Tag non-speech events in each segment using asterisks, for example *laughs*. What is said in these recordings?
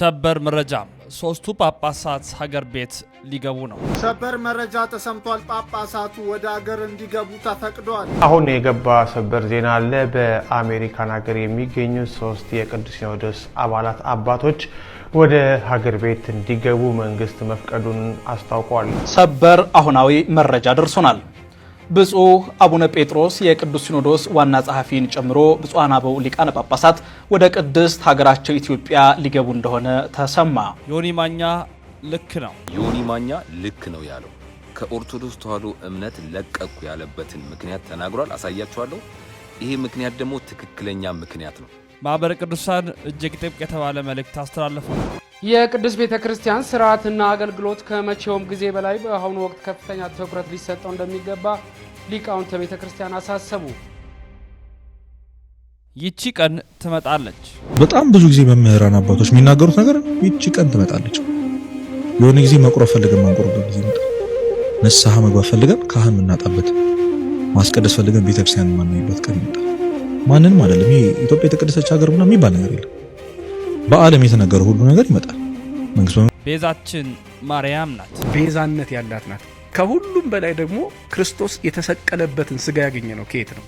ሰበር መረጃ ሶስቱ ጳጳሳት ሀገር ቤት ሊገቡ ነው። ሰበር መረጃ ተሰምቷል። ጳጳሳቱ ወደ ሀገር እንዲገቡ ተፈቅዷል። አሁን የገባ ሰበር ዜና አለ። በአሜሪካን ሀገር የሚገኙ ሶስት የቅዱስ ሲኖዶስ አባላት አባቶች ወደ ሀገር ቤት እንዲገቡ መንግስት መፍቀዱን አስታውቋል። ሰበር አሁናዊ መረጃ ደርሶናል። ብፁዕ አቡነ ጴጥሮስ የቅዱስ ሲኖዶስ ዋና ጸሐፊን ጨምሮ ብፁዓን አበው ሊቃነ ጳጳሳት ወደ ቅድስት ሀገራቸው ኢትዮጵያ ሊገቡ እንደሆነ ተሰማ። ዮኒ ማኛ ልክ ነው፣ ዮኒ ማኛ ልክ ነው ያለው ከኦርቶዶክስ ተዋሕዶ እምነት ለቀቁ ያለበትን ምክንያት ተናግሯል። አሳያችኋለሁ። ይሄ ምክንያት ደግሞ ትክክለኛ ምክንያት ነው። ማኅበረ ቅዱሳን እጅግ ጥብቅ የተባለ መልእክት አስተላለፈ። የቅዱስ ቤተ ክርስቲያን ስርዓትና አገልግሎት ከመቼውም ጊዜ በላይ በአሁኑ ወቅት ከፍተኛ ትኩረት ሊሰጠው እንደሚገባ ሊቃውንተ ቤተ ክርስቲያን አሳሰቡ። ይቺ ቀን ትመጣለች። በጣም ብዙ ጊዜ መምህራን አባቶች የሚናገሩት ነገር ይቺ ቀን ትመጣለች። የሆነ ጊዜ መቁረብ ፈልገን ማንቆርበት ጊዜ ይመጣል። ንስሐ መግባት ፈልገን ካህን የምናጣበት፣ ማስቀደስ ፈልገን ቤተክርስቲያን የማናይበት ቀን ይመጣል። ማንንም አይደለም። ይሄ ኢትዮጵያ የተቀደሰች ሀገር ምናምን የሚባል ነገር የለም። በዓለም የተነገረ ሁሉ ነገር ይመጣል። መንግስት ቤዛችን ማርያም ናት፣ ቤዛነት ያላት ናት። ከሁሉም በላይ ደግሞ ክርስቶስ የተሰቀለበትን ስጋ ያገኘ ነው። ከየት ነው?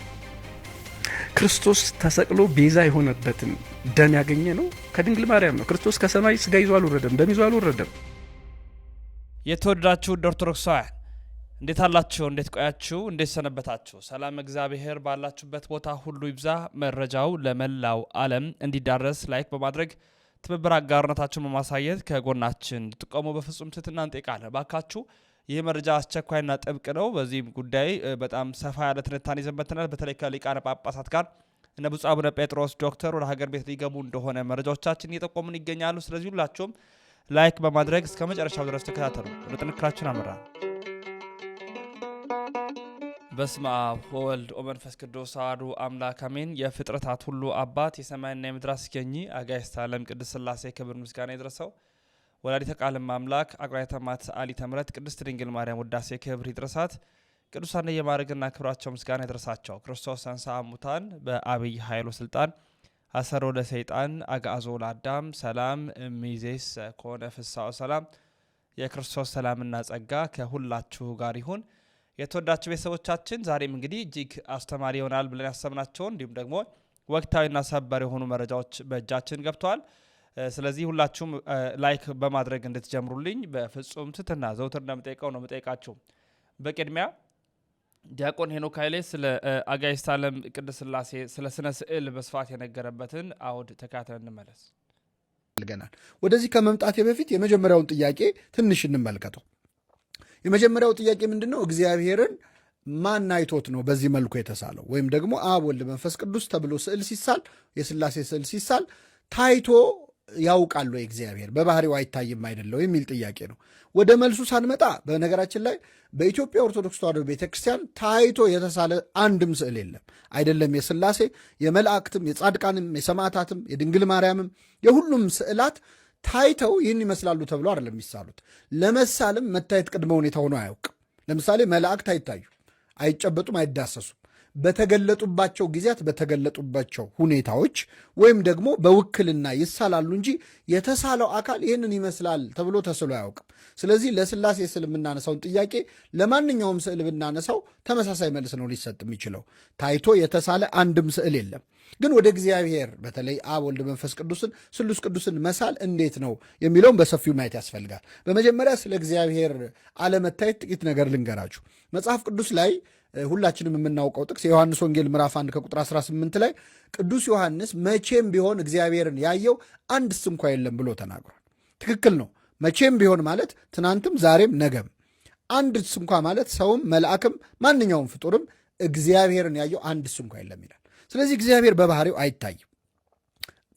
ክርስቶስ ተሰቅሎ ቤዛ የሆነበትን ደም ያገኘ ነው። ከድንግል ማርያም ነው። ክርስቶስ ከሰማይ ስጋ ይዞ አልወረደም፣ ደም ይዞ አልወረደም። የተወደዳችሁ ኦርቶዶክሳውያን እንዴት አላችሁ? እንዴት ቆያችሁ? እንዴት ሰነበታችሁ? ሰላም እግዚአብሔር ባላችሁበት ቦታ ሁሉ ይብዛ። መረጃው ለመላው ዓለም እንዲዳረስ ላይክ በማድረግ ትብብር አጋርነታችሁን በማሳየት ከጎናችን ጥቆሙ በፍጹም ትህትና እንጠይቃለን። ባካችሁ ይህ መረጃ አስቸኳይና ጥብቅ ነው። በዚህም ጉዳይ በጣም ሰፋ ያለ ትንታኔ ይዘንበትናል። በተለይ ከሊቃነ ጳጳሳት ጋር እነ ብፁዕ አቡነ ጴጥሮስ ዶክተር ወደ ሀገር ቤት ሊገቡ እንደሆነ መረጃዎቻችን እየጠቆሙን ይገኛሉ። ስለዚህ ሁላችሁም ላይክ በማድረግ እስከ መጨረሻው ድረስ ተከታተሉ። ወደ ጥንክራችን በስመ አብ ወወልድ ወመንፈስ ቅዱስ አሐዱ አምላክ አሜን። የፍጥረታት ሁሉ አባት የሰማይና የምድር አስገኚ አጋዕዝተ ዓለም ቅድስት ሥላሴ ክብር ምስጋና ይድረሰው። ወላዲተ ቃል አምላክ አቁራይ ተማት አሊ ተምረት ቅድስት ድንግል ማርያም ውዳሴ ክብር ይድረሳት። ቅዱሳን የማዕረግና ክብራቸው ምስጋና ይድረሳቸው። ክርስቶስ ተንሥአ እሙታን በአብይ ኃይሉ ስልጣን አሰሮ ለሰይጣን አግዓዞ ለአዳም ሰላም እምይእዜሰ ኮነ ፍስሐ ወሰላም። የክርስቶስ ሰላምና ጸጋ ከሁላችሁ ጋር ይሁን። የተወዳቸው ቤተሰቦቻችን ዛሬም እንግዲህ እጅግ አስተማሪ ይሆናል ብለን ያሰብናቸው እንዲሁም ደግሞ ወቅታዊና ሰበር የሆኑ መረጃዎች በእጃችን ገብተዋል። ስለዚህ ሁላችሁም ላይክ በማድረግ እንድትጀምሩልኝ በፍጹም ትትና ዘውትር እንደምጠይቀው ነው የምጠይቃችሁ። በቅድሚያ ዲያቆን ሄኖክ ኃይሌ ስለ አጋዕዝተ ዓለም ቅድስት ሥላሴ ስለ ስነ ስዕል በስፋት የነገረበትን አውድ ተከታትለን እንመለስ። ወደዚህ ከመምጣቴ በፊት የመጀመሪያውን ጥያቄ ትንሽ እንመልከተው። የመጀመሪያው ጥያቄ ምንድን ነው? እግዚአብሔርን ማን አይቶት ነው በዚህ መልኩ የተሳለው? ወይም ደግሞ አብ ወልድ መንፈስ ቅዱስ ተብሎ ስዕል ሲሳል፣ የስላሴ ስዕል ሲሳል ታይቶ ያውቃል ወይ እግዚአብሔር? በባህሪው አይታይም አይደለው የሚል ጥያቄ ነው። ወደ መልሱ ሳንመጣ በነገራችን ላይ በኢትዮጵያ ኦርቶዶክስ ተዋሕዶ ቤተክርስቲያን ታይቶ የተሳለ አንድም ስዕል የለም። አይደለም የስላሴ የመላእክትም፣ የጻድቃንም፣ የሰማዕታትም፣ የድንግል ማርያምም የሁሉም ስዕላት ታይተው ይህን ይመስላሉ ተብሎ አይደለም የሚሳሉት። ለመሳልም መታየት ቅድመ ሁኔታ ሆኖ አያውቅም። ለምሳሌ መላእክት አይታዩ፣ አይጨበጡም፣ አይዳሰሱም። በተገለጡባቸው ጊዜያት በተገለጡባቸው ሁኔታዎች ወይም ደግሞ በውክልና ይሳላሉ እንጂ የተሳለው አካል ይህንን ይመስላል ተብሎ ተስሎ አያውቅም። ስለዚህ ለስላሴ ስል የምናነሳውን ጥያቄ ለማንኛውም ስዕል ብናነሳው ተመሳሳይ መልስ ነው ሊሰጥ የሚችለው። ታይቶ የተሳለ አንድም ስዕል የለም። ግን ወደ እግዚአብሔር በተለይ አብ፣ ወልድ፣ መንፈስ ቅዱስን ስሉስ ቅዱስን መሳል እንዴት ነው የሚለውን በሰፊው ማየት ያስፈልጋል። በመጀመሪያ ስለ እግዚአብሔር አለመታየት ጥቂት ነገር ልንገራችሁ። መጽሐፍ ቅዱስ ላይ ሁላችንም የምናውቀው ጥቅስ የዮሐንስ ወንጌል ምዕራፍ 1 ከቁጥር 18 ላይ ቅዱስ ዮሐንስ መቼም ቢሆን እግዚአብሔርን ያየው አንድስ እንኳ የለም ብሎ ተናግሯል። ትክክል ነው። መቼም ቢሆን ማለት ትናንትም፣ ዛሬም፣ ነገም አንድስ እንኳ ማለት ሰውም መልአክም ማንኛውም ፍጡርም እግዚአብሔርን ያየው አንድስ እንኳ የለም ይላል። ስለዚህ እግዚአብሔር በባህሪው አይታይም።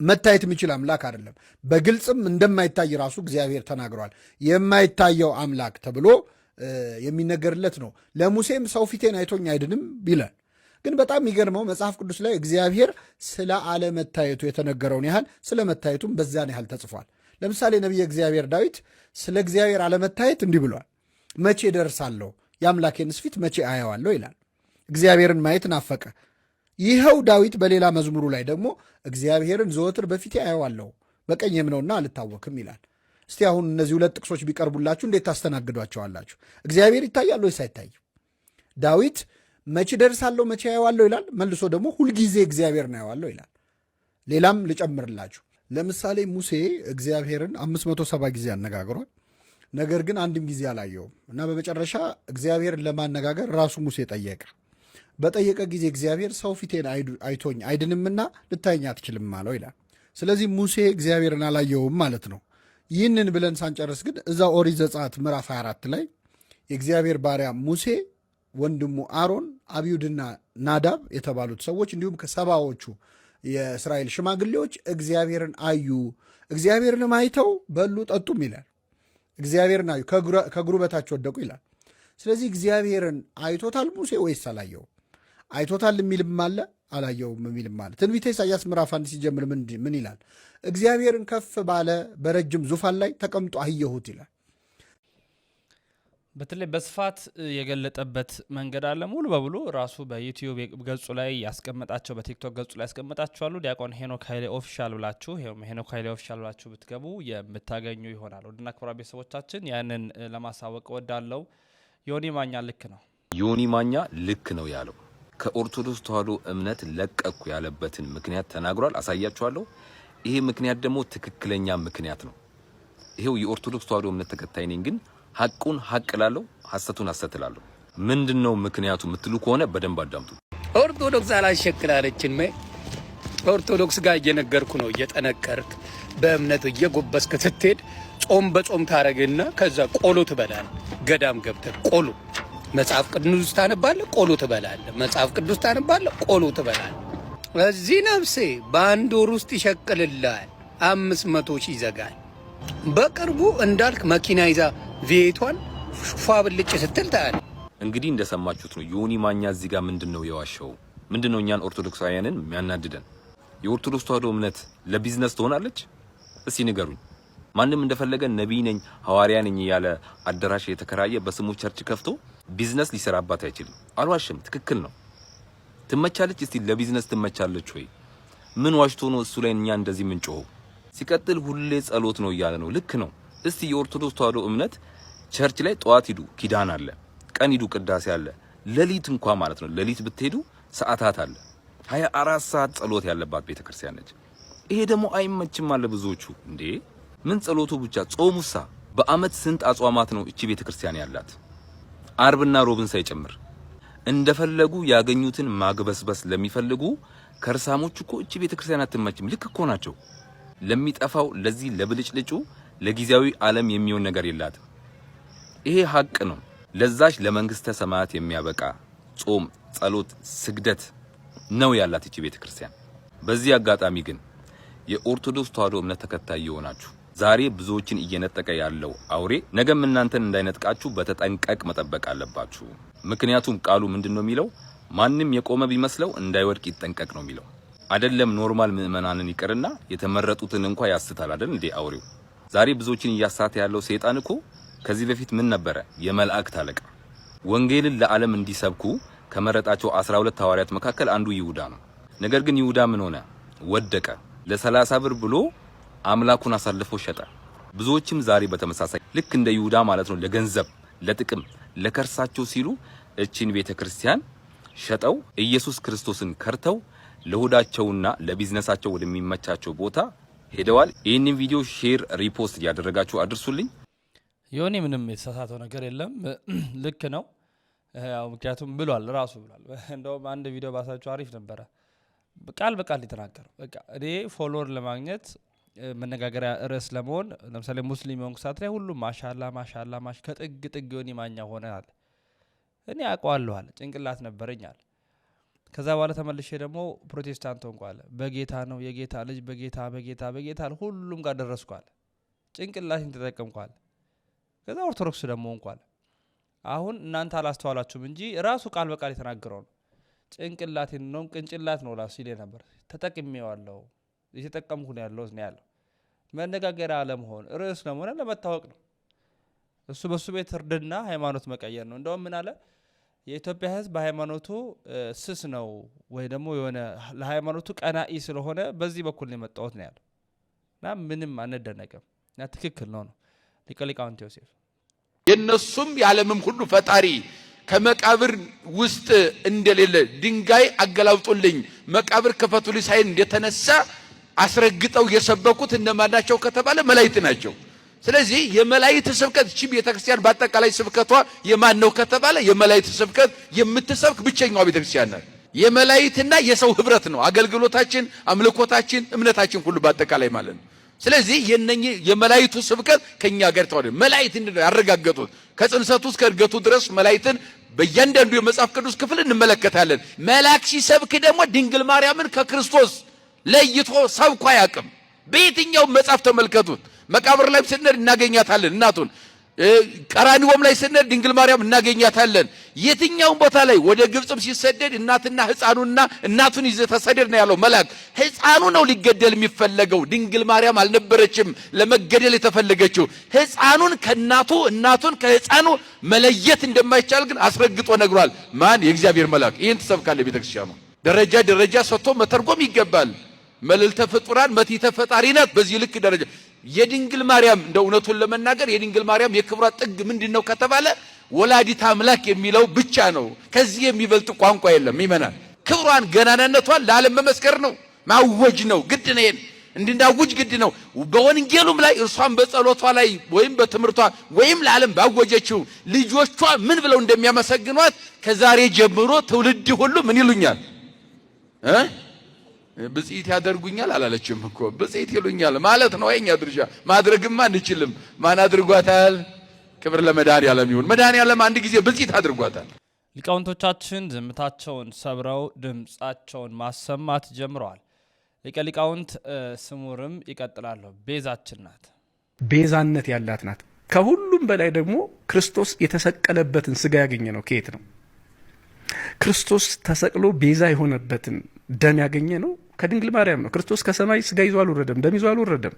መታየት የሚችል አምላክ አይደለም። በግልጽም እንደማይታይ ራሱ እግዚአብሔር ተናግሯል። የማይታየው አምላክ ተብሎ የሚነገርለት ነው። ለሙሴም ሰው ፊቴን አይቶኝ አይድንም ይላል። ግን በጣም የሚገርመው መጽሐፍ ቅዱስ ላይ እግዚአብሔር ስለ አለመታየቱ የተነገረውን ያህል ስለ መታየቱም በዚያን ያህል ተጽፏል። ለምሳሌ ነቢየ እግዚአብሔር ዳዊት ስለ እግዚአብሔር አለመታየት እንዲህ ብሏል። መቼ ደርሳለሁ? የአምላኬንስ ፊት መቼ አየዋለሁ? ይላል። እግዚአብሔርን ማየት ናፈቀ። ይኸው ዳዊት በሌላ መዝሙሩ ላይ ደግሞ እግዚአብሔርን ዘወትር በፊቴ አየዋለሁ፣ በቀኝም ነውና አልታወክም ይላል። እስቲ አሁን እነዚህ ሁለት ጥቅሶች ቢቀርቡላችሁ እንዴት ታስተናግዷቸዋላችሁ? እግዚአብሔር ይታያል ወይስ አይታይም? ዳዊት መቼ ደርሳለሁ መቼ ያየዋለሁ ይላል። መልሶ ደግሞ ሁልጊዜ እግዚአብሔር ነው ያዋለሁ ይላል። ሌላም ልጨምርላችሁ። ለምሳሌ ሙሴ እግዚአብሔርን 570 ጊዜ አነጋግሯል። ነገር ግን አንድም ጊዜ አላየውም እና በመጨረሻ እግዚአብሔርን ለማነጋገር ራሱ ሙሴ ጠየቀ። በጠየቀ ጊዜ እግዚአብሔር ሰው ፊቴን አይቶኝ አይድንምና ልታየኝ አትችልም አለው ይላል። ስለዚህ ሙሴ እግዚአብሔርን አላየውም ማለት ነው። ይህንን ብለን ሳንጨርስ ግን እዛ ኦሪት ዘጸአት ምዕራፍ 24 ላይ የእግዚአብሔር ባሪያ ሙሴ ወንድሙ አሮን አብዩድና ናዳብ የተባሉት ሰዎች እንዲሁም ከሰባዎቹ የእስራኤል ሽማግሌዎች እግዚአብሔርን አዩ። እግዚአብሔርንም አይተው በሉ ጠጡም ይላል። እግዚአብሔርን አዩ፣ ከእግሩ በታች ወደቁ ይላል። ስለዚህ እግዚአብሔርን አይቶታል ሙሴ ወይስ አላየው? አይቶታል የሚልም አለ፣ አላየውም የሚል ማለት ትንቢተ ኢሳያስ ምዕራፍ አንድ ሲጀምር ምን ይላል? እግዚአብሔርን ከፍ ባለ በረጅም ዙፋን ላይ ተቀምጦ አየሁት ይላል። በተለይ በስፋት የገለጠበት መንገድ አለ። ሙሉ በሙሉ ራሱ በዩቲዩብ ገጹ ላይ ያስቀመጣቸው በቲክቶክ ገጹ ላይ ያስቀመጣቸው ዲያቆን ሄኖክ ኃይሌ ኦፊሻል ብላችሁ ሄኖክ ኃይሌ ኦፊሻል ብላችሁ ብትገቡ የምታገኙ ይሆናል። ወድና ክብራ ቤተሰቦቻችን ያንን ለማሳወቅ ወዳለው ዮኒ ማኛ ልክ ነው፣ ዮኒ ማኛ ልክ ነው ያለው ከኦርቶዶክስ ተዋሕዶ እምነት ለቀኩ ያለበትን ምክንያት ተናግሯል። አሳያችኋለሁ። ይሄ ምክንያት ደግሞ ትክክለኛ ምክንያት ነው። ይሄው የኦርቶዶክስ ተዋሕዶ እምነት ተከታይ ነኝ፣ ግን ሀቁን ሀቅ እላለሁ፣ ሀሰቱን ሀሰት እላለሁ። ምንድን ነው ምክንያቱ የምትሉ ከሆነ በደንብ አዳምጡ። ኦርቶዶክስ አላሸክላለችን ኦርቶዶክስ ጋር እየነገርኩ ነው። እየጠነቀርክ በእምነት እየጎበስክ ስትሄድ ጾም በጾም ታረግና ከዛ ቆሎ ትበላል። ገዳም ገብተ ቆሎ መጽሐፍ ቅዱስ ታነባለ፣ ቆሎ ትበላለ። መጽሐፍ ቅዱስ ታነባለ፣ ቆሎ ትበላለ። እዚህ ነፍሴ በአንድ ወር ውስጥ ይሸቅልልሃል፣ አምስት መቶ ሺህ ይዘጋል። በቅርቡ እንዳልክ መኪና ይዛ ቤቷን ፏ ብልጭ ስትል ታያለህ። እንግዲህ እንደሰማችሁት ነው ዮኒ ማኛ እዚህ ጋር ምንድን ነው የዋሸው? ምንድን ነው እኛን ኦርቶዶክሳውያንን የሚያናድደን? የኦርቶዶክስ ተዋህዶ እምነት ለቢዝነስ ትሆናለች? እስቲ ንገሩኝ። ማንም እንደፈለገ ነቢይ ነኝ ሐዋርያ ነኝ እያለ አዳራሽ የተከራየ በስሙ ቸርች ከፍቶ ቢዝነስ ሊሰራባት አይችልም። አልዋሽም፣ ትክክል ነው። ትመቻለች። እስቲ ለቢዝነስ ትመቻለች ወይ? ምን ዋሽቶ ነው እሱ ላይ እኛ እንደዚህ ምን ሲቀጥል ሁሌ ጸሎት ነው እያለ ነው። ልክ ነው። እስቲ የኦርቶዶክስ ተዋህዶ እምነት ቸርች ላይ ጠዋት ሂዱ ኪዳን አለ፣ ቀን ሂዱ ቅዳሴ አለ፣ ሌሊት እንኳ ማለት ነው ሌሊት ብትሄዱ ሰዓታት አለ። ሀያ አራት ሰዓት ጸሎት ያለባት ቤተክርስቲያን ነች። ይሄ ደግሞ አይመችም አለ ብዙዎቹ እንዴ ምን ጸሎቱ ብቻ ጾሙሳ? በአመት ስንት አጽዋማት ነው እቺ ቤተክርስቲያን ያላት? አርብና ሮብን ሳይጨምር እንደፈለጉ ያገኙትን ማግበስበስ ለሚፈልጉ ከርሳሞች እኮ እቺ ቤተክርስቲያን አትመችም። ልክ እኮ ናቸው። ለሚጠፋው ለዚህ ለብልጭልጩ ለጊዜያዊ ዓለም የሚሆን ነገር የላትም። ይሄ ሀቅ ነው። ለዛች ለመንግስተ ሰማያት የሚያበቃ ጾም፣ ጸሎት፣ ስግደት ነው ያላት እቺ ቤተክርስቲያን። በዚህ አጋጣሚ ግን የኦርቶዶክስ ተዋሕዶ እምነት ተከታይ የሆናችሁ ዛሬ ብዙዎችን እየነጠቀ ያለው አውሬ ነገም እናንተን እንዳይነጥቃችሁ በተጠንቀቅ መጠበቅ አለባችሁ። ምክንያቱም ቃሉ ምንድን ነው የሚለው? ማንም የቆመ ቢመስለው እንዳይወድቅ ይጠንቀቅ ነው የሚለው። አይደለም ኖርማል ምዕመናንን ይቅርና የተመረጡትን እንኳ ያስታል አደል እንዴ አውሬው። ዛሬ ብዙዎችን እያሳተ ያለው ሰይጣን እኮ ከዚህ በፊት ምን ነበረ? የመላእክት አለቃ ወንጌልን ለዓለም እንዲሰብኩ ከመረጣቸው 12 ሐዋርያት መካከል አንዱ ይሁዳ ነው። ነገር ግን ይሁዳ ምን ሆነ? ወደቀ። ለሰላሳ ብር ብሎ አምላኩን አሳልፎ ሸጠ። ብዙዎችም ዛሬ በተመሳሳይ ልክ እንደ ይሁዳ ማለት ነው ለገንዘብ ለጥቅም ለከርሳቸው ሲሉ እቺን ቤተ ክርስቲያን ሸጠው ኢየሱስ ክርስቶስን ከርተው ለሆዳቸውና ለቢዝነሳቸው ወደሚመቻቸው ቦታ ሄደዋል። ይህንን ቪዲዮ ሼር፣ ሪፖስት እያደረጋችሁ አድርሱልኝ። ዮኒ ምንም የተሳሳተው ነገር የለም፣ *clears throat* ልክ ነው። ያው ምክንያቱም ብሏል፣ ራሱ ብሏል። *laughs* እንደውም አንድ ቪዲዮ ባሳቸው አሪፍ ነበረ፣ ቃል በቃል የተናገረው በቃ እኔ ፎሎወር ለማግኘት መነጋገሪያ ርዕስ ለመሆን ለምሳሌ ሙስሊም የሆንኩ ሰዓት ላይ ሁሉም ማሻላ ማሻላ ማሽ ከጥግ ጥግ ሆን ማኛ ሆነናል። እኔ አውቀዋለሁ አለ ጭንቅላት ነበረኝ አለ። ከዛ በኋላ ተመልሼ ደግሞ ፕሮቴስታንት ሆንኩ አለ። በጌታ ነው የጌታ ልጅ በጌታ በጌታ በጌታ ሁሉም ጋር ደረስኩ አለ። ጭንቅላትን ተጠቀምኩ አለ። ከዛ ኦርቶዶክስ ደግሞ ሆንኩ አለ። አሁን እናንተ አላስተዋላችሁም እንጂ ራሱ ቃል በቃል የተናገረው ነው። ጭንቅላት ነው ቅንጭላት ነው ላሱ ይሌ ነበር ተጠቅሜዋለሁ እየተጠቀምኩ ነው ያለሁት ነው ያለው። መነጋገሪያ አለመሆን ርዕስ ለመሆን ለመታወቅ ነው። እሱ በሱ ቤት እርድና ሃይማኖት መቀየር ነው። እንደውም ምን አለ የኢትዮጵያ ሕዝብ በሃይማኖቱ ስስ ነው ወይ ደግሞ የሆነ ለሃይማኖቱ ቀናኢ ስለሆነ በዚህ በኩል ነው የመጣሁት ነው ያለው እና ምንም አንደነቅም እና ትክክል ነው ነው ሊቀ ሊቃውንት ዮሴፍ የእነሱም የዓለምም ሁሉ ፈጣሪ ከመቃብር ውስጥ እንደሌለ ድንጋይ አገላብጦልኝ መቃብር ክፈቱልኝ ሳይል እንደተነሳ አስረግጠው የሰበኩት እነማን ናቸው ከተባለ መላእክት ናቸው። ስለዚህ የመላእክት ስብከት እቺ ቤተክርስቲያን በአጠቃላይ ስብከቷ የማን ነው ከተባለ የመላእክት ስብከት የምትሰብክ ብቸኛዋ ቤተክርስቲያን ናት። የመላእክትና የሰው ህብረት ነው አገልግሎታችን፣ አምልኮታችን፣ እምነታችን ሁሉ በአጠቃላይ ማለት ነው። ስለዚህ የነኚህ የመላእክቱ ስብከት ከኛ ጋር ተዋደ መላእክት ያረጋገጡት ከጽንሰቱ እስከ እድገቱ ድረስ መላእክትን በእያንዳንዱ የመጽሐፍ ቅዱስ ክፍል እንመለከታለን። መልአክ ሲሰብክ ደግሞ ድንግል ማርያምን ከክርስቶስ ለይቶ ሰብኮ አያውቅም። በየትኛው መጽሐፍ ተመልከቱት። መቃብር ላይ ስንሄድ እናገኛታለን እናቱን። ቀራኒዎም ላይ ስንሄድ ድንግል ማርያም እናገኛታለን። የትኛውም ቦታ ላይ ወደ ግብፅም ሲሰደድ እናትና ሕፃኑና እናቱን ይዘ ተሰደድ ነው ያለው መልአክ። ሕፃኑ ነው ሊገደል የሚፈለገው። ድንግል ማርያም አልነበረችም ለመገደል የተፈለገችው። ሕፃኑን ከእናቱ እናቱን ከሕፃኑ መለየት እንደማይቻል ግን አስረግጦ ነግሯል። ማን? የእግዚአብሔር መልአክ። ይህን ትሰብካለ ቤተክርስቲያኑ። ደረጃ ደረጃ ሰጥቶ መተርጎም ይገባል። መልዕልተ ፍጡራን መትሕተ ፈጣሪ ናት። በዚህ ልክ ደረጃ የድንግል ማርያም እንደ እውነቱን ለመናገር የድንግል ማርያም የክብሯ ጥግ ምንድን ነው ከተባለ ወላዲት አምላክ የሚለው ብቻ ነው። ከዚህ የሚበልጥ ቋንቋ የለም። ይመናል ክብሯን ገናናነቷን ለዓለም መመስከር ነው፣ ማወጅ ነው። ግድ ነው፣ ይሄን እንድናውጅ ግድ ነው። በወንጌሉም ላይ እርሷን በጸሎቷ ላይ ወይም በትምህርቷ ወይም ለዓለም ባወጀችው ልጆቿ ምን ብለው እንደሚያመሰግኗት ከዛሬ ጀምሮ ትውልድ ሁሉ ምን ይሉኛል እ ብጽኢት ያደርጉኛል አላለችም እኮ ብጽኢት ይሉኛል ማለት ነው። የኛ ድርሻ ማድረግማ አንችልም። ማን አድርጓታል? ክብር ለመድኃኔዓለም ይሁን። መድኃኔዓለም አንድ ጊዜ ብጽኢት አድርጓታል። ሊቃውንቶቻችን ዝምታቸውን ሰብረው ድምፃቸውን ማሰማት ጀምረዋል። ሊቀ ሊቃውንት ስሙርም ይቀጥላሉ። ቤዛችን ናት፣ ቤዛነት ያላት ናት። ከሁሉም በላይ ደግሞ ክርስቶስ የተሰቀለበትን ስጋ ያገኘ ነው። ከየት ነው? ክርስቶስ ተሰቅሎ ቤዛ የሆነበትን ደም ያገኘ ነው ከድንግል ማርያም ነው። ክርስቶስ ከሰማይ ስጋ ይዞ አልወረደም፣ ደም ይዞ አልወረደም።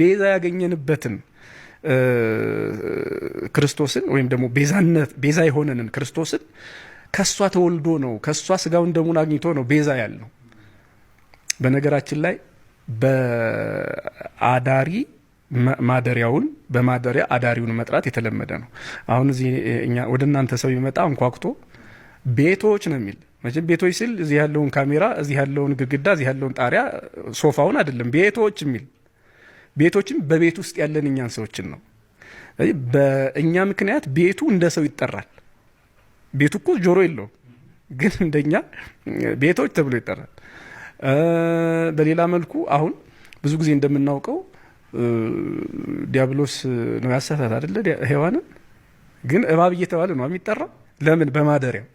ቤዛ ያገኘንበትን ክርስቶስን ወይም ደግሞ ቤዛነት ቤዛ የሆነንን ክርስቶስን ከእሷ ተወልዶ ነው ከእሷ ስጋውን ደሙን አግኝቶ ነው ቤዛ ያልነው። በነገራችን ላይ በአዳሪ ማደሪያውን በማደሪያ አዳሪውን መጥራት የተለመደ ነው። አሁን እዚህ ወደ እናንተ ሰው ይመጣ እንኳኩቶ ቤቶች ነው የሚል መቼም ቤቶች ስል እዚህ ያለውን ካሜራ፣ እዚህ ያለውን ግድግዳ፣ እዚህ ያለውን ጣሪያ፣ ሶፋውን አይደለም ቤቶች የሚል ቤቶችም በቤት ውስጥ ያለን እኛን ሰዎችን ነው። በእኛ ምክንያት ቤቱ እንደ ሰው ይጠራል። ቤቱ እኮ ጆሮ የለውም፣ ግን እንደኛ ቤቶች ተብሎ ይጠራል። በሌላ መልኩ አሁን ብዙ ጊዜ እንደምናውቀው ዲያብሎስ ነው ያሳታት አደለ? ሔዋንን ግን እባብ እየተባለ ነው የሚጠራ። ለምን? በማደሪያው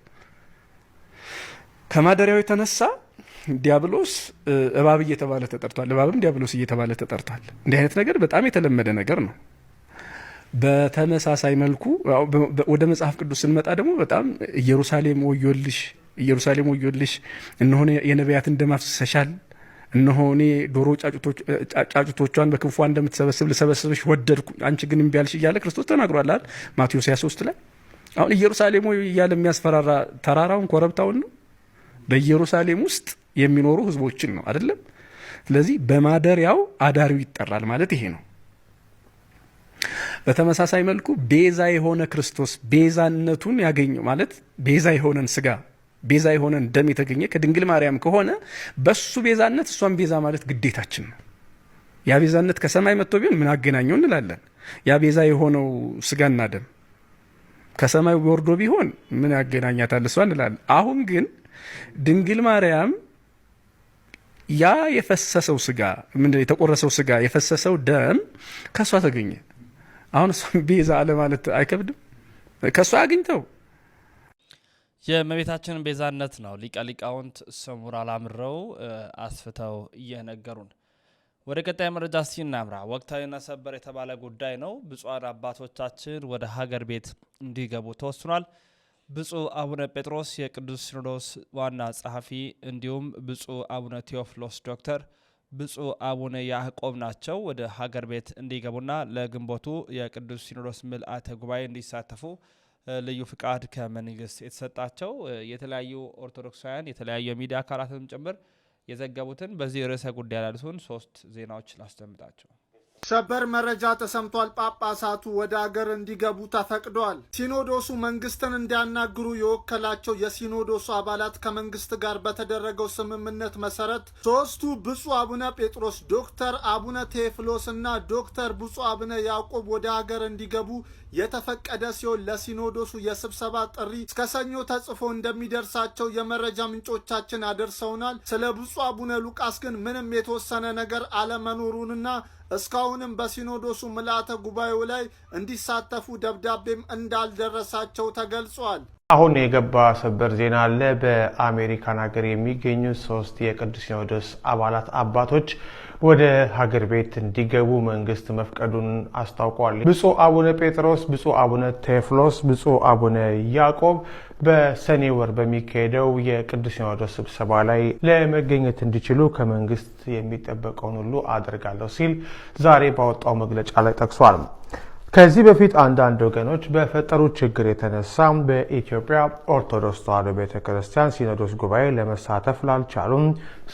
ከማደሪያው የተነሳ ዲያብሎስ እባብ እየተባለ ተጠርቷል። እባብም ዲያብሎስ እየተባለ ተጠርቷል። እንዲህ አይነት ነገር በጣም የተለመደ ነገር ነው። በተመሳሳይ መልኩ ወደ መጽሐፍ ቅዱስ ስንመጣ ደግሞ በጣም ኢየሩሳሌም ወዮልሽ፣ ኢየሩሳሌም ወዮልሽ፣ እነሆ የነቢያትን ደም አፍስሰሻል፣ እነሆ እኔ ዶሮ ጫጩቶቿን በክንፏ እንደምትሰበስብ ልሰበስብሽ ወደድኩ፣ አንቺ ግን እምቢ አልሽ እያለ ክርስቶስ ተናግሯል። ማቴዎስ 23 ላይ አሁን ኢየሩሳሌም እያለ የሚያስፈራራ ተራራውን ኮረብታውን ነው በኢየሩሳሌም ውስጥ የሚኖሩ ህዝቦችን ነው አይደለም። ስለዚህ በማደሪያው አዳሪው ይጠራል ማለት ይሄ ነው። በተመሳሳይ መልኩ ቤዛ የሆነ ክርስቶስ ቤዛነቱን ያገኘው ማለት ቤዛ የሆነን ስጋ ቤዛ የሆነን ደም የተገኘ ከድንግል ማርያም ከሆነ በሱ ቤዛነት እሷን ቤዛ ማለት ግዴታችን ነው። ያ ቤዛነት ከሰማይ መጥቶ ቢሆን ምን አገናኘው እንላለን። ያ ቤዛ የሆነው ስጋና ደም ከሰማይ ወርዶ ቢሆን ምን ያገናኛታል እሷ እንላለን። አሁን ግን ድንግል ማርያም ያ የፈሰሰው ስጋ ምንድን የተቆረሰው ስጋ የፈሰሰው ደም ከእሷ ተገኘ። አሁን እሷ ቤዛ አለ ማለት አይከብድም። ከእሷ አግኝተው የእመቤታችንን ቤዛነት ነው ሊቀ ሊቃውንት ስሙር አላምረው አስፍተው እየነገሩን። ወደ ቀጣይ መረጃ ሲናምራ ወቅታዊና ሰበር የተባለ ጉዳይ ነው። ብፁዓን አባቶቻችን ወደ ሀገር ቤት እንዲገቡ ተወስኗል። ብፁዕ አቡነ ጴጥሮስ የቅዱስ ሲኖዶስ ዋና ጸሐፊ እንዲሁም ብፁዕ አቡነ ቴዎፍሎስ ዶክተር ብፁዕ አቡነ ያዕቆብ ናቸው። ወደ ሀገር ቤት እንዲገቡና ለግንቦቱ የቅዱስ ሲኖዶስ ምልአተ ጉባኤ እንዲሳተፉ ልዩ ፍቃድ ከመንግስት የተሰጣቸው የተለያዩ ኦርቶዶክሳውያን የተለያዩ የሚዲያ አካላትም ጭምር የዘገቡትን በዚህ ርዕሰ ጉዳይ ላልሱን ሶስት ዜናዎች ላስደምጣቸው። ሰበር መረጃ ተሰምቷል። ጳጳሳቱ ወደ አገር እንዲገቡ ተፈቅዷል። ሲኖዶሱ መንግስትን እንዲያናግሩ የወከላቸው የሲኖዶሱ አባላት ከመንግስት ጋር በተደረገው ስምምነት መሰረት ሶስቱ ብፁ አቡነ ጴጥሮስ፣ ዶክተር አቡነ ቴዎፍሎስ እና ዶክተር ብፁ አቡነ ያዕቆብ ወደ አገር እንዲገቡ የተፈቀደ ሲሆን ለሲኖዶሱ የስብሰባ ጥሪ እስከ ሰኞ ተጽፎ እንደሚደርሳቸው የመረጃ ምንጮቻችን አድርሰውናል። ስለ ብፁ አቡነ ሉቃስ ግን ምንም የተወሰነ ነገር አለመኖሩንና እስካሁንም በሲኖዶሱ ምላተ ጉባኤው ላይ እንዲሳተፉ ደብዳቤም እንዳልደረሳቸው ተገልጿል። አሁን የገባ ሰበር ዜና አለ። በአሜሪካን ሀገር የሚገኙ ሶስት የቅዱስ ሲኖዶስ አባላት አባቶች ወደ ሀገር ቤት እንዲገቡ መንግስት መፍቀዱን አስታውቋል። ብፁዕ አቡነ ጴጥሮስ፣ ብፁዕ አቡነ ቴዎፍሎስ፣ ብፁዕ አቡነ ያዕቆብ በሰኔ ወር በሚካሄደው የቅዱስ ሲኖዶስ ስብሰባ ላይ ለመገኘት እንዲችሉ ከመንግስት የሚጠበቀውን ሁሉ አድርጋለሁ ሲል ዛሬ ባወጣው መግለጫ ላይ ጠቅሷል። ከዚህ በፊት አንዳንድ ወገኖች በፈጠሩ ችግር የተነሳ በኢትዮጵያ ኦርቶዶክስ ተዋሕዶ ቤተ ክርስቲያን ሲኖዶስ ጉባኤ ለመሳተፍ ላልቻሉም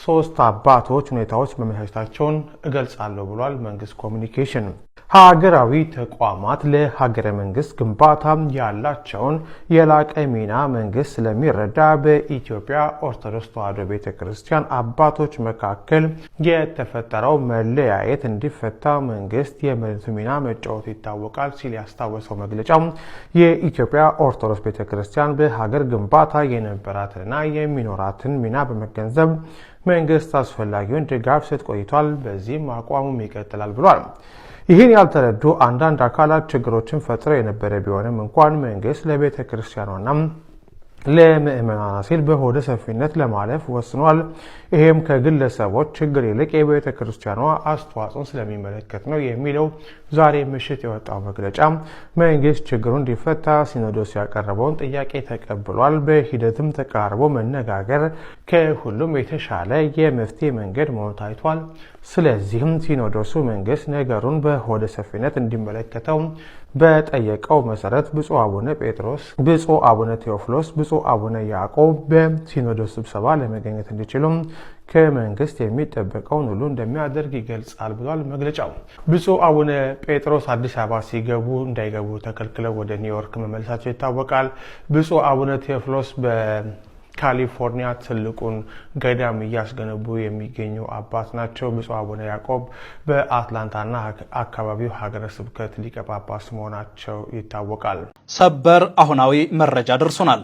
ሶስት አባቶች ሁኔታዎች መመቻቸታቸውን እገልጻለሁ ብሏል መንግስት ኮሚኒኬሽን ሀገራዊ ተቋማት ለሀገረ መንግስት ግንባታ ያላቸውን የላቀ ሚና መንግስት ስለሚረዳ በኢትዮጵያ ኦርቶዶክስ ተዋሕዶ ቤተ ክርስቲያን አባቶች መካከል የተፈጠረው መለያየት እንዲፈታ መንግስት የመሪቱ ሚና መጫወቱ ይታወቃል ሲል ያስታወሰው መግለጫ የኢትዮጵያ ኦርቶዶክስ ቤተ ክርስቲያን በሀገር ግንባታ የነበራትንና የሚኖራትን ሚና በመገንዘብ መንግስት አስፈላጊውን ድጋፍ ስጥ ቆይቷል። በዚህም አቋሙም ይቀጥላል ብሏል። ይህን ያልተረዱ አንዳንድ አካላት ችግሮችን ፈጥረው የነበረ ቢሆንም እንኳን መንግስት ለቤተ ክርስቲያኗና ለምዕመናን ሲል በሆደ ሰፊነት ለማለፍ ወስኗል። ይሄም ከግለሰቦች ችግር ይልቅ የቤተ ክርስቲያኗ አስተዋጽኦን ስለሚመለከት ነው የሚለው ዛሬ ምሽት የወጣው መግለጫ መንግስት ችግሩ እንዲፈታ ሲኖዶስ ያቀረበውን ጥያቄ ተቀብሏል። በሂደትም ተቃርቦ መነጋገር ከሁሉም የተሻለ የመፍትሄ መንገድ መሆን ታይቷል። ስለዚህም ሲኖዶሱ መንግስት ነገሩን በሆደ ሰፊነት እንዲመለከተው በጠየቀው መሰረት ብፁዕ አቡነ ጴጥሮስ፣ ብፁዕ አቡነ ቴዎፍሎስ፣ ብፁዕ ብፁዕ አቡነ ያዕቆብ በሲኖዶስ ስብሰባ ለመገኘት እንዲችሉም ከመንግስት የሚጠበቀውን ሁሉ እንደሚያደርግ ይገልጻል ብሏል መግለጫው። ብፁዕ አቡነ ጴጥሮስ አዲስ አበባ ሲገቡ እንዳይገቡ ተከልክለው ወደ ኒውዮርክ መመለሳቸው ይታወቃል። ብፁዕ አቡነ ቴዎፍሎስ ካሊፎርኒያ ትልቁን ገዳም እያስገነቡ የሚገኙ አባት ናቸው። ብፁዕ አቡነ ያዕቆብ በአትላንታና አካባቢው ሀገረ ስብከት ሊቀ ጳጳስ መሆናቸው ይታወቃል። ሰበር አሁናዊ መረጃ ደርሶናል።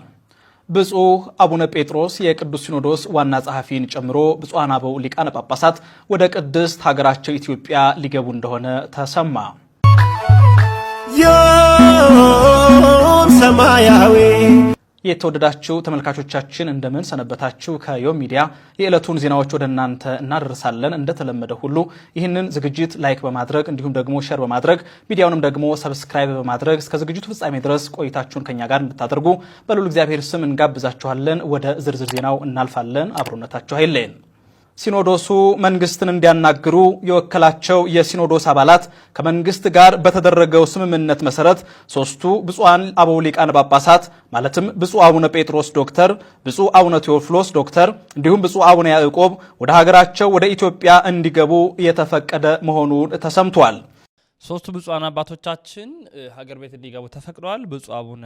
ብፁዕ አቡነ ጴጥሮስ የቅዱስ ሲኖዶስ ዋና ጸሐፊን ጨምሮ ብፁዓን አበው ሊቃነ ጳጳሳት ወደ ቅድስት ሀገራቸው ኢትዮጵያ ሊገቡ እንደሆነ ተሰማ። ሰማያዊ የተወደዳችሁ ተመልካቾቻችን እንደምን ሰነበታችሁ? ከዮም ሚዲያ የዕለቱን ዜናዎች ወደ እናንተ እናደርሳለን። እንደተለመደ ሁሉ ይህንን ዝግጅት ላይክ በማድረግ እንዲሁም ደግሞ ሸር በማድረግ ሚዲያውንም ደግሞ ሰብስክራይብ በማድረግ እስከ ዝግጅቱ ፍጻሜ ድረስ ቆይታችሁን ከኛ ጋር እንድታደርጉ በልዑል እግዚአብሔር ስም እንጋብዛችኋለን። ወደ ዝርዝር ዜናው እናልፋለን። አብሮነታችሁ አይለየን። ሲኖዶሱ መንግስትን እንዲያናግሩ የወከላቸው የሲኖዶስ አባላት ከመንግስት ጋር በተደረገው ስምምነት መሰረት ሶስቱ ብፁዓን አበው ሊቃነ ጳጳሳት ማለትም ብፁዕ አቡነ ጴጥሮስ ዶክተር፣ ብፁዕ አቡነ ቴዎፍሎስ ዶክተር እንዲሁም ብፁዕ አቡነ ያዕቆብ ወደ ሀገራቸው ወደ ኢትዮጵያ እንዲገቡ የተፈቀደ መሆኑን ተሰምቷል። ሶስቱ ብፁዓን አባቶቻችን ሀገር ቤት እንዲገቡ ተፈቅደዋል። ብፁዕ አቡነ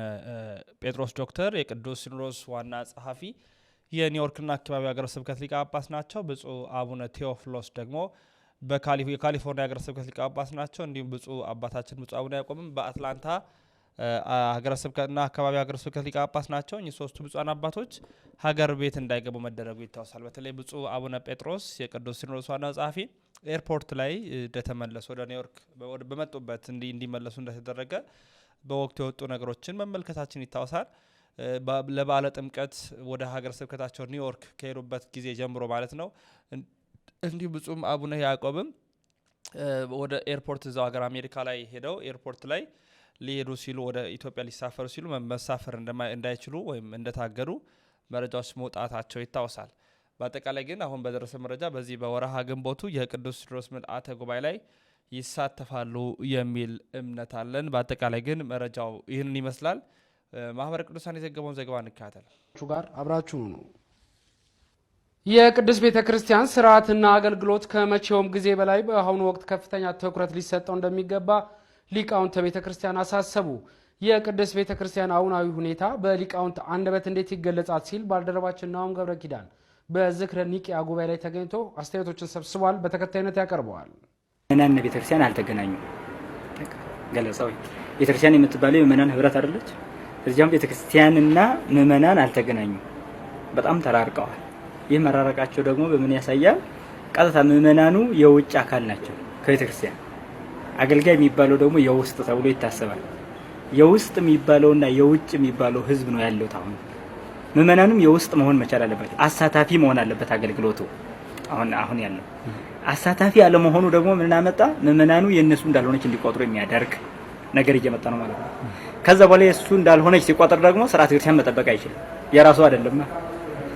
ጴጥሮስ ዶክተር የቅዱስ ሲኖዶስ ዋና ጸሐፊ የኒውዮርክና አካባቢው ሀገረ ስብከት ሊቀ ጳጳስ ናቸው። ብፁዕ አቡነ ቴዎፍሎስ ደግሞ የካሊፎርኒያ ሀገረ ስብከት ሊቀ ጳጳስ ናቸው። እንዲሁም ብፁዕ አባታችን ብፁዕ አቡነ ያዕቆብም በአትላንታ ሀገረ ስብከትና አካባቢ ሀገረ ስብከት ሊቀ ጳጳስ ናቸው። እኚህ ሶስቱ ብፁዓን አባቶች ሀገር ቤት እንዳይገቡ መደረጉ ይታወሳል። በተለይ ብፁዕ አቡነ ጴጥሮስ የቅዱስ ሲኖዶስ ዋና ጸሐፊ ኤርፖርት ላይ እንደተመለሱ ወደ ኒውዮርክ በመጡበት እንዲመለሱ እንደተደረገ በወቅቱ የወጡ ነገሮችን መመልከታችን ይታወሳል። ለባለ ጥምቀት ወደ ሀገረ ስብከታቸው ኒውዮርክ ከሄዱበት ጊዜ ጀምሮ ማለት ነው። እንዲሁ ብፁዕ አቡነ ያዕቆብም ወደ ኤርፖርት እዛው ሀገር አሜሪካ ላይ ሄደው ኤርፖርት ላይ ሊሄዱ ሲሉ ወደ ኢትዮጵያ ሊሳፈሩ ሲሉ መሳፈር እንዳይችሉ ወይም እንደታገዱ መረጃዎች መውጣታቸው ይታወሳል። በአጠቃላይ ግን አሁን በደረሰ መረጃ በዚህ በወረሃ ግንቦቱ የቅዱስ ሲኖዶስ ምልአተ ጉባኤ ላይ ይሳተፋሉ የሚል እምነት አለን። በአጠቃላይ ግን መረጃው ይህንን ይመስላል። ማህበረ ቅዱሳን የዘገበውን ዘገባ እንካተል ጋር አብራችሁ ነው። የቅዱስ ቤተ ክርስቲያን ስርዓትና አገልግሎት ከመቼውም ጊዜ በላይ በአሁኑ ወቅት ከፍተኛ ትኩረት ሊሰጠው እንደሚገባ ሊቃውንተ ቤተ ክርስቲያን አሳሰቡ። የቅዱስ ቤተ ክርስቲያን አሁናዊ ሁኔታ በሊቃውንት አንደበት እንዴት ይገለጻል ሲል ባልደረባችን ናሁም ገብረ ኪዳን በዝክረ ኒቅያ ጉባኤ ላይ ተገኝቶ አስተያየቶችን ሰብስቧል። በተከታይነት ያቀርበዋል። መናን ቤተክርስቲያን አልተገናኙ ገለጻዊ ቤተክርስቲያን የምትባለው የመናን ህብረት አይደለች እዚያም ቤተክርስቲያንና ምእመናን አልተገናኙም፣ በጣም ተራርቀዋል። ይህ መራረቃቸው ደግሞ በምን ያሳያል? ቀጥታ ምዕመናኑ የውጭ አካል ናቸው ከቤተክርስቲያን፣ አገልጋይ የሚባለው ደግሞ የውስጥ ተብሎ ይታሰባል። የውስጥ የሚባለውና የውጭ የሚባለው ህዝብ ነው ያለው አሁን። ምመናኑም የውስጥ መሆን መቻል አለበት፣ አሳታፊ መሆን አለበት አገልግሎቱ አሁን አሁን ያለው አሳታፊ አለመሆኑ ደግሞ ምን አመጣ? ምእመናኑ የእነሱ እንዳልሆነች እንዲቆጥሩ የሚያደርግ ነገር እየመጣ ነው ማለት ነው። ከዛ በላይ እሱ እንዳልሆነች ሲቆጥር ደግሞ ስርዓት ክርስቲያን መጠበቅ አይችልም፣ የራሱ አይደለም።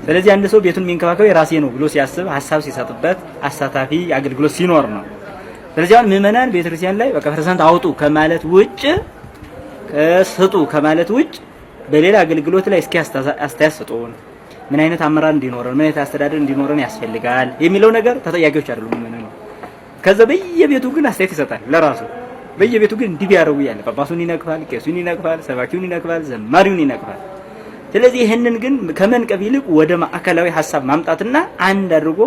ስለዚህ አንድ ሰው ቤቱን የሚንከባከበው የራሴ ነው ብሎ ሲያስብ፣ ሀሳብ ሲሰጥበት፣ አሳታፊ አገልግሎት ሲኖር ነው። ስለዚህ አሁን ምእመናን ቤተክርስቲያን ላይ በቃ ፐርሰንት አውጡ ከማለት ውጭ ስጡ ከማለት ውጭ በሌላ አገልግሎት ላይ እስኪ አስተያየት ስጡን፣ ምን አይነት አመራር እንዲኖረን፣ ምን አይነት አስተዳደር እንዲኖረን ያስፈልጋል የሚለው ነገር ተጠያቂዎች አይደሉም። ከዛ በየቤቱ ግን አስተያየት ይሰጣል ለራሱ በየቤቱ ግን እንዲህ ቢያደርጉ እያለ ጳጳሱን ይነቅፋል፣ ቄሱን ይነቅፋል፣ ሰባኪውን ይነቅፋል፣ ዘማሪውን ይነቅፋል። ስለዚህ ይህንን ግን ከመንቀፍ ይልቅ ወደ ማዕከላዊ ሀሳብ ማምጣትና አንድ አድርጎ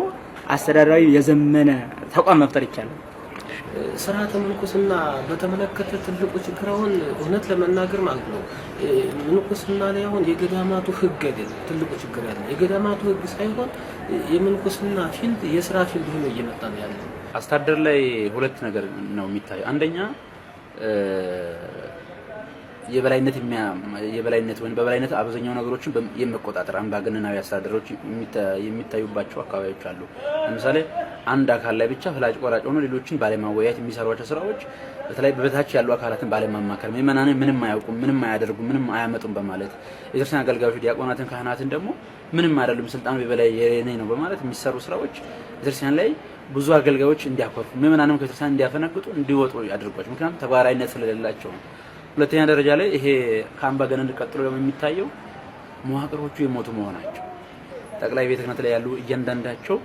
አስተዳደራዊ የዘመነ ተቋም መፍጠር ይቻላል። ስርዓተ ምንኩስና በተመለከተ ትልቁ ችግር አሁን እውነት ለመናገር ማለት ነው ምንኩስና ላይ አሁን የገዳማቱ ህግ አይደለም ትልቁ ችግር ያለ የገዳማቱ ህግ ሳይሆን የምንኩስና ፊልድ የስራ ፊልድ ሆኖ እየመጣ ነው ያለው። አስተዳደር ላይ ሁለት ነገር ነው የሚታየው። አንደኛ የበላይነት የበላይነት ወይም በበላይነት አብዛኛው ነገሮችን የመቆጣጠር አምባገነናዊ አስተዳደሮች የሚታዩባቸው አካባቢዎች አሉ። ለምሳሌ አንድ አካል ላይ ብቻ ፍላጭ ቆራጭ ሆኖ ሌሎችን ባለማወያየት የሚሰሯቸው ስራዎች፣ በተለይ በበታች ያሉ አካላትን ባለማማከር ምዕመናንን ምንም አያውቁም፣ ምንም አያደርጉም፣ ምንም አያመጡም በማለት የክርስቲያን አገልጋዮች ዲያቆናትን፣ ካህናትን ደግሞ ምንም አይደሉም፣ ስልጣኑ የበላይ የኔ ነው በማለት የሚሰሩ ስራዎች ቤተክርስቲያን ላይ ብዙ አገልጋዮች እንዲያኮርፉ ምእመናንም ከተሳ እንዲያፈነግጡ እንዲወጡ አድርጓቸው። ምክንያቱም ተግባራዊነት ስለሌላቸው ነው። ሁለተኛ ደረጃ ላይ ይሄ ከአምባገነን ቀጥሎ ደግሞ የሚታየው መዋቅሮቹ የሞቱ መሆናቸው ጠቅላይ ቤተ ክህነት ላይ ያሉ እያንዳንዳቸው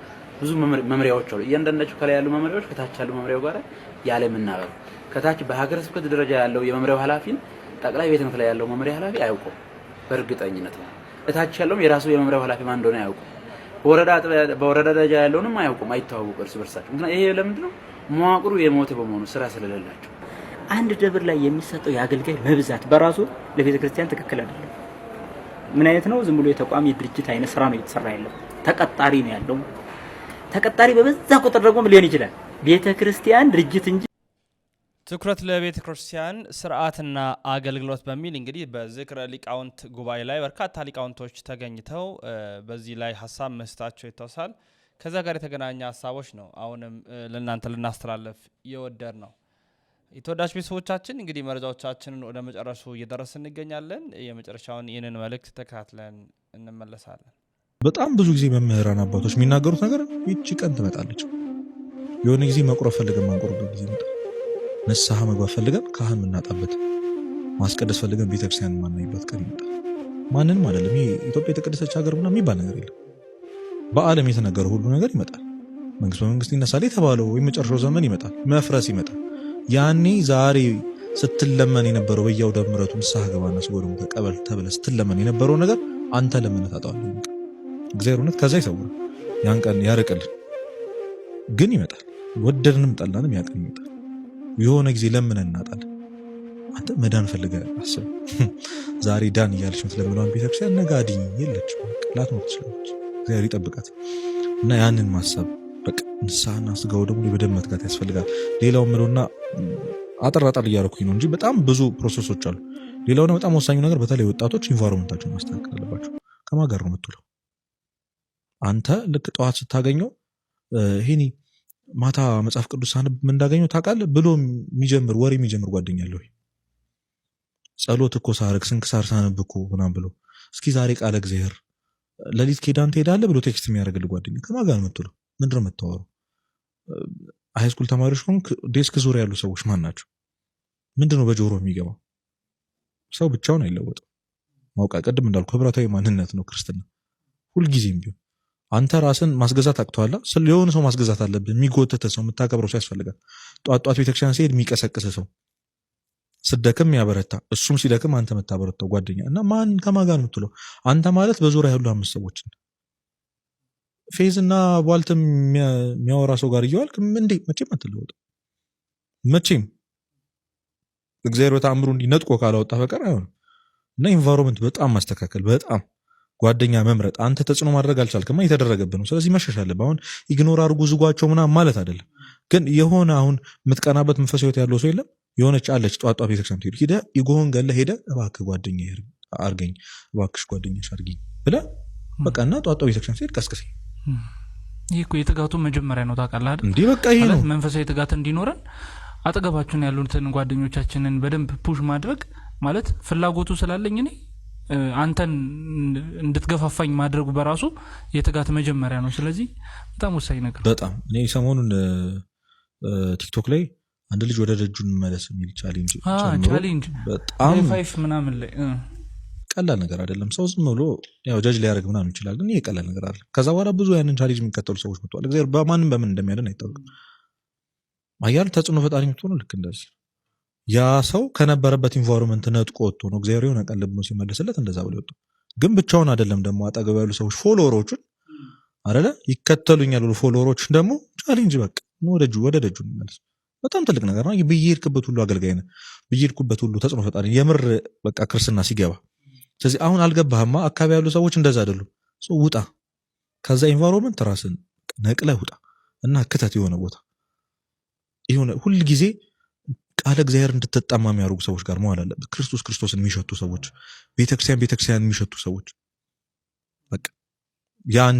ብዙ መምሪያዎች አሉ። እያንዳንዳቸው ከላይ ያሉ መምሪያዎች ከታች ያሉ መምሪያው ጋር ያለ መናበብ ከታች በሀገረ ስብከት ደረጃ ያለው የመምሪያው ኃላፊን ጠቅላይ ቤተ ክህነት ላይ ያለው መምሪያ ኃላፊ አያውቁም፣ በእርግጠኝነት ነው። እታች ያለውም የራሱ የመምሪያው ኃላፊ ማን እንደሆነ አያውቁም። ወረዳ በወረዳ ደረጃ ያለውንም አያውቁም፣ አይተዋወቁ እርስ በርሳቸው። ምክንያት ይሄ ለምንድን ነው መዋቅሩ የሞተ በመሆኑ ስራ ስለሌላቸው። አንድ ደብር ላይ የሚሰጠው የአገልጋይ መብዛት በራሱ ለቤተ ክርስቲያን ትክክል አይደለም። ምን አይነት ነው? ዝም ብሎ የተቋም የድርጅት አይነት ስራ ነው እየተሰራ ያለው። ተቀጣሪ ነው ያለው። ተቀጣሪ በበዛ ቁጥር ደግሞ ሊሆን ይችላል ቤተ ክርስቲያን ድርጅት እንጂ ትኩረት ለቤተ ክርስቲያን ስርዓትና አገልግሎት በሚል እንግዲህ በዝክረ ሊቃውንት ጉባኤ ላይ በርካታ ሊቃውንቶች ተገኝተው በዚህ ላይ ሀሳብ መስጠታቸው ይታወሳል። ከዛ ጋር የተገናኘ ሀሳቦች ነው አሁንም ለእናንተ ልናስተላለፍ የወደር ነው። የተወዳጅ ቤተሰቦቻችን እንግዲህ መረጃዎቻችንን ወደ መጨረሱ እየደረስ እንገኛለን። የመጨረሻውን ይህንን መልእክት ተከታትለን እንመለሳለን። በጣም ብዙ ጊዜ መምህራን አባቶች የሚናገሩት ነገር ይቺ ቀን ትመጣለች። የሆነ ጊዜ መቁረብ ፈልገን ማንቆርበት ጊዜ ንስሐ መግባት ፈልገን ካህን የምናጣበት ማስቀደስ ፈልገን ቤተክርስቲያን ማናይበት ቀን ይመጣል። ማንንም አይደለም። ይሄ ኢትዮጵያ የተቀደሰች ሀገር ምናምን የሚባል ነገር የለም። በአለም የተነገረ ሁሉ ነገር ይመጣል። መንግስት በመንግስት ይነሳል የተባለው ወይም መጨረሻው ዘመን ይመጣል፣ መፍረስ ይመጣል። ያኔ ዛሬ ስትለመን የነበረው በያው ደምረቱ ንስሐ ገባና ስጎደሙ ተቀበል ተብለ ስትለመን የነበረው ነገር አንተ ለምነህ ታጣዋለህ። እግዚአብሔር እውነት ከዛ ይሰውራል፣ ያን ቀን ያርቅልን። ግን ይመጣል፣ ወደድንም ጠላንም ያቀን ይመጣል። የሆነ ጊዜ ለምን እናጣለን? አንተ መዳን ፈልገ አስብ። *laughs* ዛሬ ዳን እያለች ምትለምለን ቤተክርስቲያን ነገ አድኝ የለችም፣ ላትኖር ትችላለች። እግዚአብሔር ይጠብቃት እና ያንን ማሰብ ንሳና ስጋው ደግሞ በደንብ መትጋት ያስፈልጋል። ሌላው ምለውና አጠር አጠር እያደረኩኝ ነው እንጂ በጣም ብዙ ፕሮሰሶች አሉ። ሌላው በጣም ወሳኙ ነገር በተለይ ወጣቶች ኢንቫይሮንመንታቸውን ማስተካከል አለባቸው። ከማን ጋር ነው የምትውለው? አንተ ልክ ጠዋት ስታገኘው ሄኒ ማታ መጽሐፍ ቅዱስ ሳንብ ምን እንዳገኘው ብሎ የሚጀምር ወሬ የሚጀምር ጓደኛ አለ ጸሎት እኮ ሳርግ ስንክሳር ሳንብ እኮ ምናምን ብሎ እስኪ ዛሬ ቃለ እግዚአብሔር ለሊት ኬዳን ትሄዳለ ብሎ ቴክስት የሚያደርግል ጓደኛ ከማን ጋር ምንድር የምታወሩ? ሃይስኩል ተማሪዎች ሆንክ ዴስክ ዙሪያ ያሉ ሰዎች ማን ናቸው? ምንድን ነው በጆሮ የሚገባው? ሰው ብቻውን አይለወጥም። ማውቃ ቅድም እንዳልኩ ህብረታዊ ማንነት ነው ክርስትና ሁልጊዜም ቢሆን አንተ ራስን ማስገዛት አቅተዋላ። የሆነ ሰው ማስገዛት አለብህ። የሚጎተተ ሰው፣ የምታቀብረው ሰው ያስፈልጋል። ጧት ጧት ቤተክርስቲያን ሲሄድ የሚቀሰቅስ ሰው፣ ስደክም ያበረታ፣ እሱም ሲደክም አንተ የምታበረታው ጓደኛ እና ማን ከማን ነው የምትለው? አንተ ማለት በዙሪያ ያሉ አምስት ሰዎችን ፌዝ እና ቧልትም የሚያወራ ሰው ጋር እየዋልክ እንዴ መቼም አትለወጥ። መቼም እግዚአብሔር በተአምሩ እንዲህ ካላወጣ በቀር አይሆንም። እና ኢንቫይሮንመንት በጣም ማስተካከል በጣም ጓደኛ መምረጥ አንተ ተጽዕኖ ማድረግ አልቻልክማ፣ የተደረገብን ነው። ስለዚህ መሸሽ አለብህ። አሁን ኢግኖር አድርጉ ዝጓቸው ምናምን ማለት አይደለም፣ ግን የሆነ አሁን የምትቀናበት መንፈስ ህይወት ያለው ሰው የለም። የሆነች አለች ጧጧ ቤተክርስቲያን ትሄዱ ሂደ ኢጎሆን ገለ ሄደ እባክህ ጓደኛ አርገኝ እባክሽ ጓደኛሽ አርገኝ ብለህ በቃ እና ጧጧ ቤተክርስቲያን ሲሄድ ቀስቅሰኝ። ይህ እኮ የትጋቱ መጀመሪያ ነው ታውቃለህ አይደል? እንዲህ በቃ ይሄ ነው መንፈሳዊ ትጋት እንዲኖረን አጠገባችን ያሉትን ጓደኞቻችንን በደንብ ፑሽ ማድረግ ማለት ፍላጎቱ ስላለኝ እኔ አንተን እንድትገፋፋኝ ማድረጉ በራሱ የትጋት መጀመሪያ ነው። ስለዚህ በጣም ወሳኝ ነገር በጣም እኔ ሰሞኑን ቲክቶክ ላይ አንድ ልጅ ወደ ደጁን መለስ የሚል ቻሌንጅ ቻሌንጅ በጣም ምናምን ላይ ቀላል ነገር አይደለም። ሰው ዝም ብሎ ያው ጃጅ ሊያደርግ ምናምን ይችላል፣ ግን ይሄ ቀላል ነገር አይደለም። ከዛ በኋላ ብዙ ያንን ቻሌንጅ የሚከተሉ ሰዎች መጥተዋል። እግዚአብሔር በማንም በምን እንደሚያደን አይታወቅም። አያል ተጽዕኖ ፈጣሪ የምትሆኑ ልክ እንደዚህ ያ ሰው ከነበረበት ኢንቫይሮንመንት ነጥቆ ወጥቶ ነው እግዚአብሔር የሆነ ቀን ልብ ነው ሲመልስለት እንደዛ ብሎ ወጡ። ግን ብቻውን አይደለም ደግሞ አጠገብ ያሉ ሰዎች ፎሎወሮቹን አደለ ይከተሉኛል ብሎ ፎሎወሮችን ደግሞ ቻሌንጅ በቃ ወደ ወደ ደጁ መለስ በጣም ትልቅ ነገር ነው። ብሄድክበት ሁሉ አገልጋይ ነህ፣ ብሄድኩበት ሁሉ ተጽዕኖ ፈጣሪ የምር በቃ ክርስትና ሲገባ። ስለዚህ አሁን አልገባህማ አካባቢ ያሉ ሰዎች እንደዛ አይደሉም። ውጣ ከዛ ኢንቫይሮንመንት ራስን ነቅለ ውጣ እና ክተት የሆነ ቦታ ሁል ጊዜ ቃለ እግዚአብሔር እንድትጠማ የሚያደርጉ ሰዎች ጋር መዋል አለበት። ክርስቶስ ክርስቶስን የሚሸቱ ሰዎች፣ ቤተክርስቲያን ቤተክርስቲያን የሚሸቱ ሰዎች በቃ ያን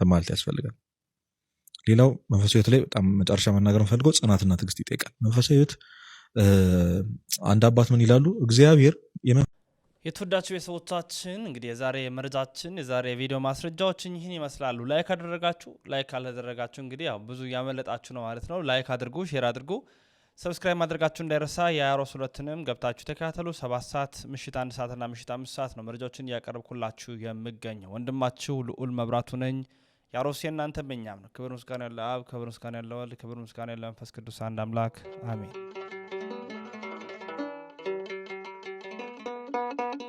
ተማልት ያስፈልጋል። ሌላው መንፈሳዊ ሕይወት ላይ በጣም መጨረሻ መናገር ፈልገው ጽናትና ትዕግስት ይጠይቃል። መንፈሳዊ ሕይወት አንድ አባት ምን ይላሉ? እግዚአብሔር የተወዳችሁ የሰዎቻችን እንግዲህ የዛሬ መረጃችን የዛሬ ቪዲዮ ማስረጃዎችን ይህን ይመስላሉ። ላይክ አደረጋችሁ፣ ላይክ አልተደረጋችሁ እንግዲህ ያው ብዙ እያመለጣችሁ ነው ማለት ነው። ላይክ አድርጉ፣ ሼር አድርጉ። ሰብስክራይብ ማድረጋችሁ እንዳይረሳ። የአሮስ ሁለትንም ገብታችሁ ተከታተሉ። ሰባት ሰዓት ምሽት አንድ ሰዓትና ምሽት አምስት ሰዓት ነው መረጃዎችን እያቀረብኩላችሁ የምገኘው። ወንድማችሁ ልዑል መብራቱ ነኝ። የአሮስ የእናንተ መኛም ነው። ክብር ምስጋና ያለ አብ፣ ክብር ምስጋና ያለ ወልድ፣ ክብር ምስጋና ያለ መንፈስ ቅዱስ አንድ አምላክ አሜን።